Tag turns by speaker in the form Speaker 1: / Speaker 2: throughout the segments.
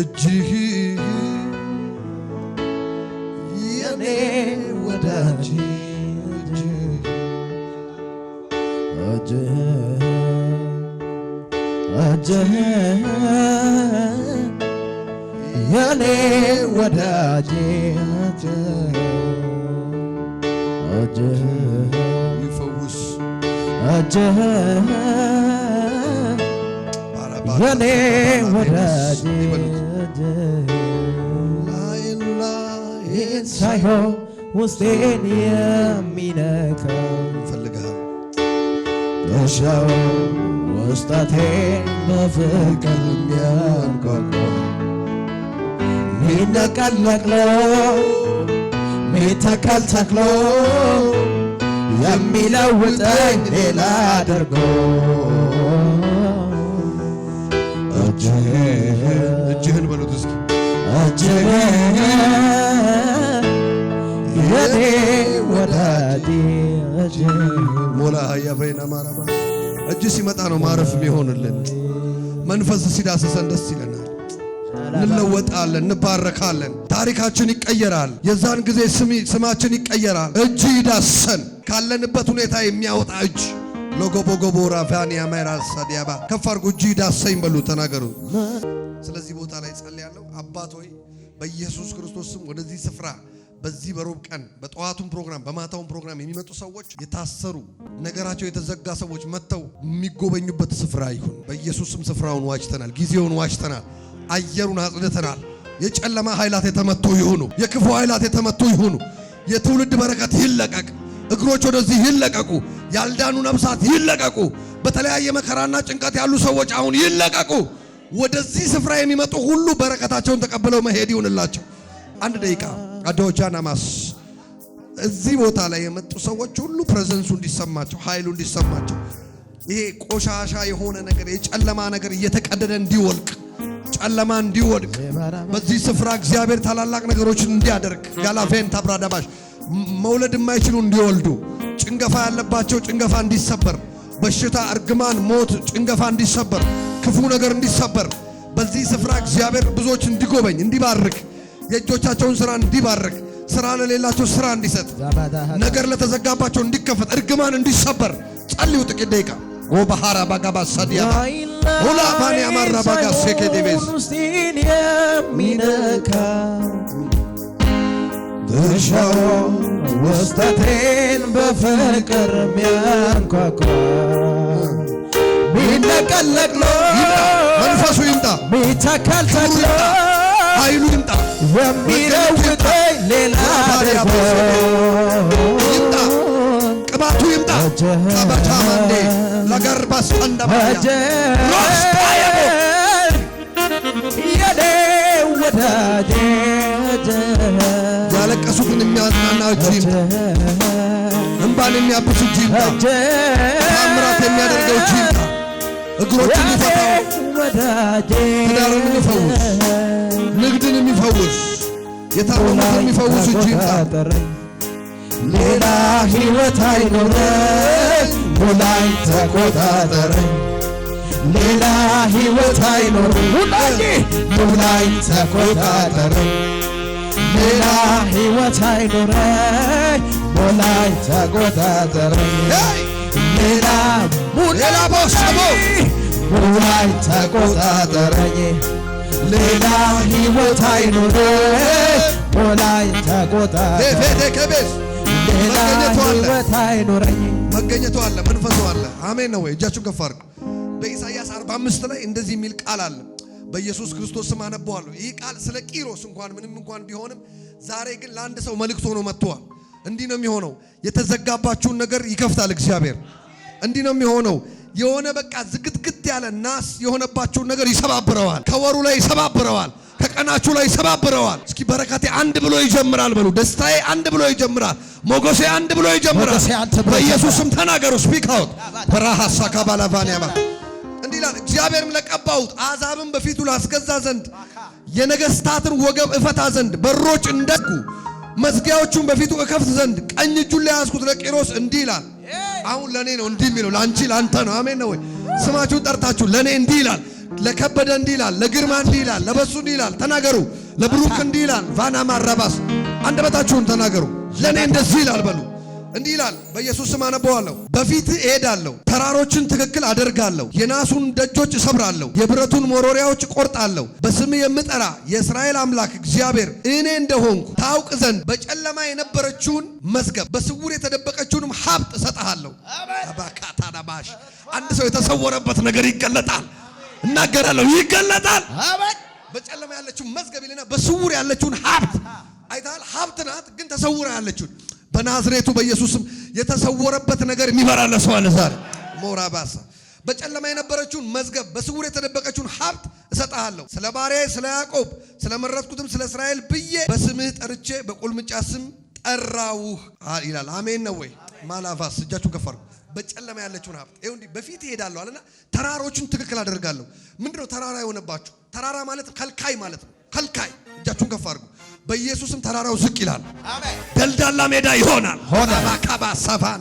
Speaker 1: እጅህ የኔ ወዳጅ እጅህ የኔ ወዳጅ እጅህ የኔ ወዳጅ ላይን ውስጤን የሚነካው ፈልጋል እሻው ውስጣቴን በፍቅር የሚያንኳኳ ሚነቀል ነቅሎ ሚተከል ተክሎ የሚለውጠኝ ሌላ አድርጎ እጅህን በሉት አጀበኝ የኔ ወዳጅ
Speaker 2: ሞላ ሀያበይነ ማረባ እጅ ሲመጣ ነው ማረፍ የሚሆንልን። መንፈስ ሲዳሰሰን ደስ ይለናል፣ እንለወጣለን፣ እንባረካለን። ታሪካችን ይቀየራል። የዛን ጊዜ ስማችን ይቀየራል። እጅ ይዳሰን ካለንበት ሁኔታ የሚያወጣ እጅ ሎጎቦጎቦ ራቫኒያ ማይራሳ ከፍ አድርጉ። እጅ ይዳሰኝ በሉ ተናገሩ። ስለዚህ ቦታ ላይ ጸልያለሁ። አባት ሆይ በኢየሱስ ክርስቶስ ስም ወደዚህ ስፍራ በዚህ በሮብ ቀን በጠዋቱን ፕሮግራም በማታውም ፕሮግራም የሚመጡ ሰዎች የታሰሩ ነገራቸው የተዘጋ ሰዎች መጥተው የሚጎበኙበት ስፍራ ይሁን። በኢየሱስ ስም ስፍራውን ዋጅተናል፣ ጊዜውን ዋጅተናል፣ አየሩን አጽድተናል። የጨለማ ኃይላት የተመቱ ይሁኑ፣ የክፉ ኃይላት የተመቱ ይሁኑ። የትውልድ በረከት ይለቀቅ፣ እግሮች ወደዚህ ይለቀቁ፣ ያልዳኑ ነፍሳት ይለቀቁ። በተለያየ መከራና ጭንቀት ያሉ ሰዎች አሁን ይለቀቁ። ወደዚህ ስፍራ የሚመጡ ሁሉ በረከታቸውን ተቀብለው መሄድ ይሁንላቸው። አንድ ደቂቃ አዳዎቻ ናማስ እዚህ ቦታ ላይ የመጡ ሰዎች ሁሉ ፕሬዘንሱ እንዲሰማቸው ኃይሉ እንዲሰማቸው ይሄ ቆሻሻ የሆነ ነገር የጨለማ ነገር እየተቀደደ እንዲወልቅ ጨለማ እንዲወድቅ በዚህ ስፍራ እግዚአብሔር ታላላቅ ነገሮችን እንዲያደርግ ጋላፌን ታብራዳባሽ መውለድ የማይችሉ እንዲወልዱ ጭንገፋ ያለባቸው ጭንገፋ እንዲሰበር በሽታ፣ እርግማን፣ ሞት ጭንገፋ እንዲሰበር ክፉ ነገር እንዲሰበር በዚህ ስፍራ እግዚአብሔር ብዙዎች እንዲጎበኝ እንዲባርክ የእጆቻቸውን ስራ እንዲባርክ ስራ ለሌላቸው ስራ እንዲሰጥ ነገር ለተዘጋባቸው እንዲከፈት እርግማን እንዲሰበር ጸልዩ። ጥቂት ደቂቃ ጎባሃራ ባጋባ ሳዲያ ሁላ ባኔ አማራ ባጋ ሴኬዴቤስ
Speaker 1: የሚነካ ድርሻው ውስጠቴን በፍቅር ሚያንኳኳ ቢለቀል
Speaker 2: መንፈሱ ይምጣ፣
Speaker 1: ቢተከል ተክሎ ኃይሉ ይምጣ፣ የሚለውጠኝ ሌላ ይምጣ፣
Speaker 2: ቅባቱ ይምጣ። ሰበቻማንዴ ለገርባስጠንደባ ሮስታየሞ ያለቀሱትን የሚያጽናና እጅ እንባን የሚያብስ እጅ ይምጣ፣ ችግሮችን የሚፈታው ትዳርን የሚፈውስ ንግድን የሚፈውስ የታመሙትን የሚፈውስ እጁ ይምጣ።
Speaker 1: ሌላ ህይወት አይኖረኝ ሙላይ ተቆጣጠረኝ ሌላ ህይወት አይኖረኝ ሙላይ ተቆጣጠረኝ ሌላ ህይወት አይኖረኝ ሙላይ ተቆጣጠረኝ ሌላ
Speaker 2: ሌላ ቦሰቦ
Speaker 1: ልቡ ላይ ተቆጣጠረኝ፣ ሌላ ሕይወት አይኑር። ላይ ተቆጣጠረኝ፣
Speaker 2: መገኘቱ አለ፣ መንፈሱ አለ። አሜን ነው ወይ? እጃችሁን ከፍ አድርጉ። በኢሳይያስ 45 ላይ እንደዚህ የሚል ቃል አለ። በኢየሱስ ክርስቶስ ስም አነበዋለሁ። ይህ ቃል ስለ ቂሮስ እንኳን ምንም እንኳን ቢሆንም ዛሬ ግን ለአንድ ሰው መልእክት ሆኖ መጥቷል። እንዲህ ነው የሚሆነው፣ የተዘጋባችሁን ነገር ይከፍታል እግዚአብሔር። እንዲህ ነው የሚሆነው የሆነ በቃ ዝግትግት ያለ ናስ የሆነባችሁን ነገር ይሰባብረዋል። ከወሩ ላይ ይሰባብረዋል። ከቀናችሁ ላይ ይሰባብረዋል። እስኪ በረከቴ አንድ ብሎ ይጀምራል በሉ። ደስታዬ አንድ ብሎ ይጀምራል። ሞገሴ አንድ ብሎ ይጀምራል። በኢየሱስም ተናገሩ። ስፒክ አውት በራሃ ሳካባላቫኒያማ እንዲህ ይላል። እግዚአብሔርም ለቀባሁት አሕዛብን በፊቱ ላስገዛ ዘንድ የነገስታትን ወገብ እፈታ ዘንድ በሮች እንደጉ መዝጊያዎቹን በፊቱ እከፍት ዘንድ ቀኝ እጁን ላይ ያዝኩት ለቂሮስ እንዲህ ይላል። አሁን ለኔ ነው እንዲህ የሚለው ለአንቺ ለአንተ ነው። አሜን ነው ወይ? ስማችሁን ጠርታችሁ ለኔ እንዲህ ይላል፣ ለከበደ እንዲህ ይላል፣ ለግርማ እንዲህ ይላል፣ ለበሱ እንዲህ ይላል። ተናገሩ። ለብሩክ እንዲህ ይላል። ቫና ማረባስ አንደበታችሁን ተናገሩ። ለኔ እንደዚህ ይላል በሉ እንዲህ ይላል። በኢየሱስ ስም አነበዋለሁ። በፊት እሄዳለሁ፣ ተራሮችን ትክክል አደርጋለሁ፣ የናሱን ደጆች እሰብራለሁ፣ የብረቱን ሞሮሪያዎች ቆርጣለሁ። በስም የምጠራ የእስራኤል አምላክ እግዚአብሔር እኔ እንደሆንኩ ታውቅ ዘንድ በጨለማ የነበረችውን መዝገብ በስውር የተደበቀችውንም ሀብት እሰጥሃለሁ። አባካታዳባሽ አንድ ሰው የተሰወረበት ነገር ይገለጣል። እናገራለሁ፣ ይገለጣል። በጨለማ ያለችውን መዝገብ ይልና በስውር ያለችውን ሀብት አይተሃል። ሀብት ናት፣ ግን ተሰውራ ያለችውን በናዝሬቱ በኢየሱስም የተሰወረበት ነገር የሚበራ ለሰው አለ ዛሬ ሞራባሳ በጨለማ የነበረችውን መዝገብ በስውር የተደበቀችውን ሀብት እሰጥሃለሁ። ስለ ባሪያዬ ስለ ያዕቆብ ስለመረጥኩትም ስለ እስራኤል ብዬ በስምህ ጠርቼ በቁልምጫ ስም ጠራውህ ይላል። አሜን ነው ወይ ማላፋስ እጃችሁን ከፍ አድርጉ። በጨለማ ያለችውን ሀብት ይኸው እንዲህ በፊት እሄዳለሁ አለና ተራሮችን ትክክል አደርጋለሁ። ምንድነው ተራራ የሆነባችሁ? ተራራ ማለት ከልካይ ማለት ነው። ከልካይ እጃችሁን ከፍ አድርጉ። በኢየሱስም ተራራው ዝቅ ይላል፣ ደልዳላ ሜዳ ይሆናል። ባካባ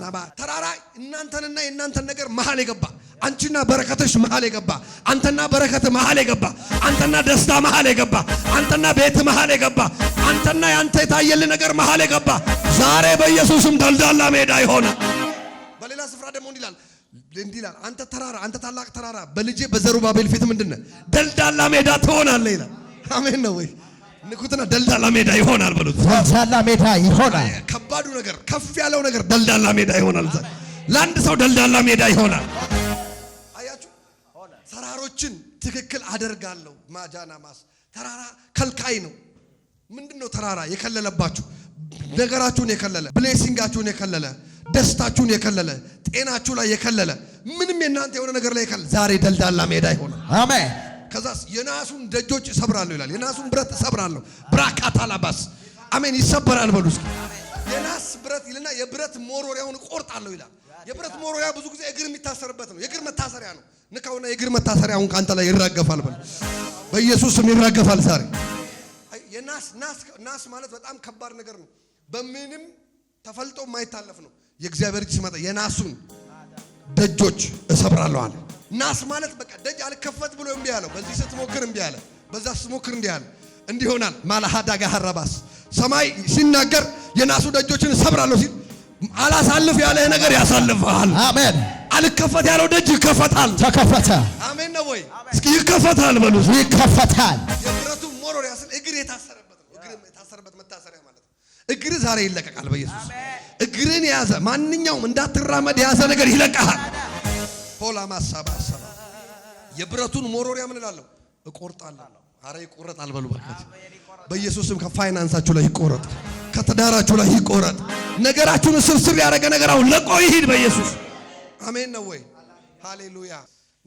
Speaker 2: ናባ ተራራ እናንተንና የእናንተን ነገር መሀል የገባ አንቺና በረከትሽ መሀል የገባ አንተና በረከት መሀል የገባ አንተና ደስታ መሀል የገባ አንተና ቤት መሀል የገባ አንተና ያንተ የታየል ነገር መሀል የገባ ዛሬ በኢየሱስም ደልዳላ ሜዳ ይሆናል። በሌላ ስፍራ ደግሞ እንዲላል ይላል እንዲህ ይላል አንተ ተራራ አንተ ታላቅ ተራራ በልጄ በዘሩባቤል ፊት ምንድነህ ደልዳላ ሜዳ ትሆናለህ ይላል። አሜን ነው ወይ? ንኩትና ደልዳላ ሜዳ ይሆናል ብሉት።
Speaker 1: ደልዳላ ሜዳ ይሆናል።
Speaker 2: ከባዱ ነገር ከፍ ያለው ነገር ደልዳላ ሜዳ ይሆናል። ለአንድ ሰው ደልዳላ ሜዳ ይሆናል። አያችሁ፣ ተራሮችን ትክክል አደርጋለሁ። ማጃና ማስ ተራራ ከልካይ ነው። ምንድነው ተራራ የከለለባችሁ ነገራችሁን የከለለ ብሌሲንጋችሁን የከለለ ደስታችሁን የከለለ ጤናችሁ ላይ የከለለ ምንም የናንተ የሆነ ነገር ላይ የከለለ ዛሬ ደልዳላ ሜዳ ይሆናል። አሜን። ከዛስ የናሱን ደጆች እሰብራለሁ ይላል። የናሱን ብረት እሰብራለሁ። ብራካታላባስ አሜን። ይሰበራል በሉ እስኪ። የናስ ብረት ይልና የብረት ሞሮሪያውን እቆርጣለሁ ይላል። የብረት ሞሮሪያ ብዙ ጊዜ እግር የሚታሰርበት ነው። የእግር መታሰሪያ ነው። ንካውና የእግር መታሰሪያ አሁን ከአንተ ላይ ይራገፋል በሉ። በኢየሱስ ስም ይራገፋል ዛሬ። የናስ ናስ ናስ ማለት በጣም ከባድ ነገር ነው። በምንም ተፈልጦ የማይታለፍ ነው። የእግዚአብሔር እጅ ሲመጣ የናሱን ደጆች እሰብራለሁ አለ። ናስ ማለት በቃ ደጅ አልከፈት ብሎ እምቢ አለው። በዚህ ስትሞክር እምቢ አለ፣ በዛ ስትሞክር እንዲህ አለ። እንዲሆናል ማላሃዳ ጋሃራባስ ሰማይ ሲናገር የናሱ ደጆችን እሰብራለሁ ሲል አላሳልፍ ያለ ነገር ያሳልፍሃል። አሜን። አልከፈት ያለው ደጅ ይከፈታል። ተከፈተ። አሜን ነው ወይ? እስኪ ይከፈታል በሉ። ይከፈታል። የብረቱ ሞሮር ያስል እግር የታሰረበት ነው። እግር የታሰረበት መታሰሪያ ማለት ነው። እግር ዛሬ ይለቀቃል በኢየሱስ። እግርን የያዘ ማንኛውም እንዳትራመድ የያዘ ነገር ይለቀሃል። ሆላ ማሳባ የብረቱን ሞሮሪያ ምን እላለሁ እቆርጣለሁ። አረ ይቆረጥ አልበሉ በረከት በኢየሱስም ከፋይናንሳችሁ ላይ ይቆረጥ፣ ከተዳራችሁ ላይ ይቆረጥ። ነገራችሁን ስብስብ ያደረገ ነገር አሁን ለቆ ይሂድ በኢየሱስ አሜን። ነው ወይ ሃሌሉያ።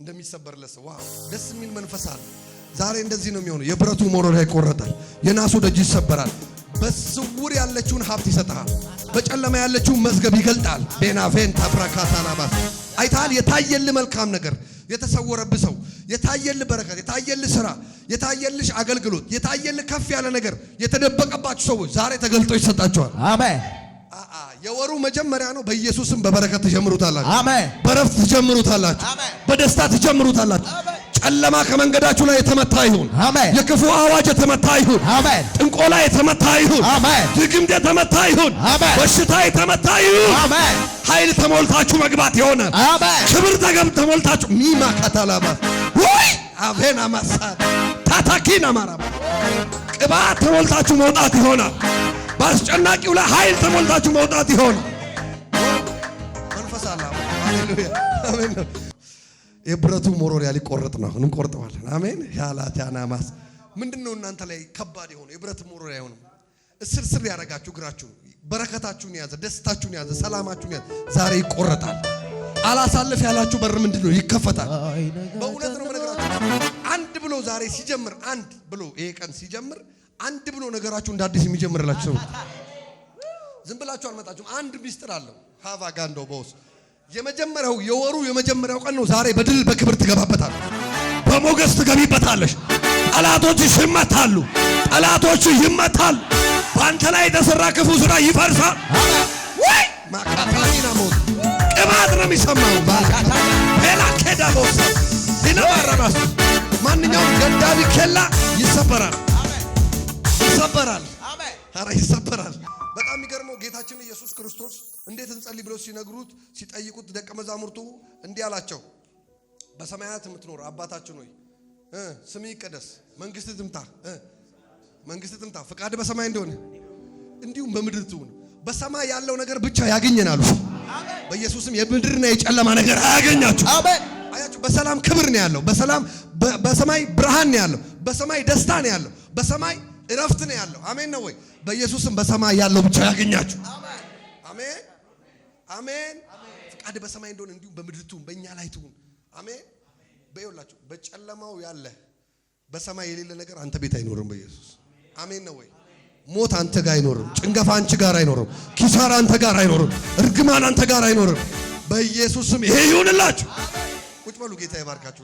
Speaker 2: እንደሚሰበርለስ ዋ ደስ የሚል መንፈስ አለ። ዛሬ እንደዚህ ነው የሚሆነው። የብረቱ ሞሮሪያ ይቆረጣል፣ የናሱ ደጅ ይሰበራል። በስውር ያለችውን ሀብት ይሰጥሃል፣ በጨለማ ያለችውን መዝገብ ይገልጣል። ቤናቬን ቬንታ አይታል የታየልህ መልካም ነገር የተሰወረብህ ሰው፣ የታየልህ በረከት፣ የታየልህ ስራ፣ የታየልሽ አገልግሎት፣ የታየልህ ከፍ ያለ ነገር የተደበቀባችሁ ሰዎች ዛሬ ተገልጦ ይሰጣችኋል። አሜን። የወሩ መጀመሪያ ነው። በኢየሱስም በበረከት ትጀምሩታላችሁ። አሜን። በረፍት ትጀምሩታላችሁ። በደስታ ትጀምሩታላችሁ። ጨለማ ከመንገዳችሁ ላይ የተመታ ይሁን። አሜን። የክፉ አዋጅ የተመታ ይሁን። አሜን። ጥንቆላ የተመታ ይሁን። አሜን። ድግምት የተመታ ይሁን። አሜን። በሽታ የተመታ ይሁን። አሜን። ኃይል ተሞልታችሁ መግባት የሆነ ክብር ተገም ተሞልታችሁ ሚማ ከተላባ ወይ አሜን። አማሳ ታታኪና ማራባ ቅባት ተሞልታችሁ መውጣት ይሆናል። በአስጨናቂው ላይ ኃይል ተሞልታችሁ መውጣት ይሆን መንፈስ አሜን። የብረቱ ሞሮሪያ ሊቆረጥ ነው። እንቆርጠዋለን። አሜን። ያላቲያናማስ ምንድን ነው እናንተ ላይ ከባድ የሆነ የብረት ሞሮሪያ የሆነ እስርስር ያደረጋችሁ እግራችሁ በረከታችሁን የያዘ ደስታችሁን የያዘ ሰላማችሁን የያዘ ዛሬ ይቆረጣል። አላሳልፍ ያላችሁ በር ምንድን ነው ይከፈታል። በእውነት ነው ነገራችሁ። አንድ ብሎ ዛሬ ሲጀምር አንድ ብሎ ይሄ ቀን ሲጀምር አንድ ብሎ ነገራችሁ እንደ አዲስ የሚጀምርላችሁ ሰው ዝም ብላችሁ አልመጣችሁም። አንድ ሚስጥር አለው ሀቫ ጋንዶ በውስጥ የመጀመሪያው የወሩ የመጀመሪያው ቀን ነው ዛሬ። በድል በክብር ትገባበታል፣ በሞገስ ትገቢበታለሽ። ጠላቶችሽ ይመታሉ፣ ጠላቶች ይመታል። በአንተ ላይ የተሰራ ክፉ ስራ ይፈርሳል። ወይ ማካታኒና ሞት ቅባት ነው የሚሰማው ሌላ ኬዳ ሞት ይነባረናል። ማንኛውም ገዳቢ ኬላ ይሰበራል፣ ይሰበራል፣ ይሰበራል። ጌታችን ኢየሱስ ክርስቶስ እንዴት እንጸልይ ብለው ሲነግሩት ሲጠይቁት ደቀ መዛሙርቱ እንዲህ አላቸው፣ በሰማያት የምትኖር አባታችን ሆይ ስም ይቀደስ፣ መንግስት ትምጣ፣ መንግስት ትምጣ፣ ፍቃድ በሰማይ እንደሆነ እንዲሁም በምድር ትሁን። በሰማይ ያለው ነገር ብቻ ያገኘናሉ። በኢየሱስም የምድርና የጨለማ ነገር አያገኛችሁ። አያችሁ፣ በሰላም ክብር ነው ያለው። በሰላም በሰማይ ብርሃን ነው ያለው። በሰማይ ደስታ ነው ያለው። በሰማይ እረፍት ነው ያለው። አሜን ነው ወይ? በኢየሱስም በሰማይ ያለው ብቻ ያገኛችሁ። አሜን አሜን። ፍቃድ በሰማይ እንደሆነ እንዲሁም በምድር ትሁን፣ በእኛ ላይ ትሁን። አሜን በይውላችሁ። በጨለማው ያለ በሰማይ የሌለ ነገር አንተ ቤት አይኖርም። በኢየሱስ አሜን ነው ወይ? ሞት አንተ ጋር አይኖርም። ጭንገፋ አንቺ ጋር አይኖርም። ኪሳራ አንተ ጋር አይኖርም። እርግማን አንተ ጋር አይኖርም። በኢየሱስም ይሄ ይሁንላችሁ። ቁጭ በሉ። ጌታ ይባርካችሁ።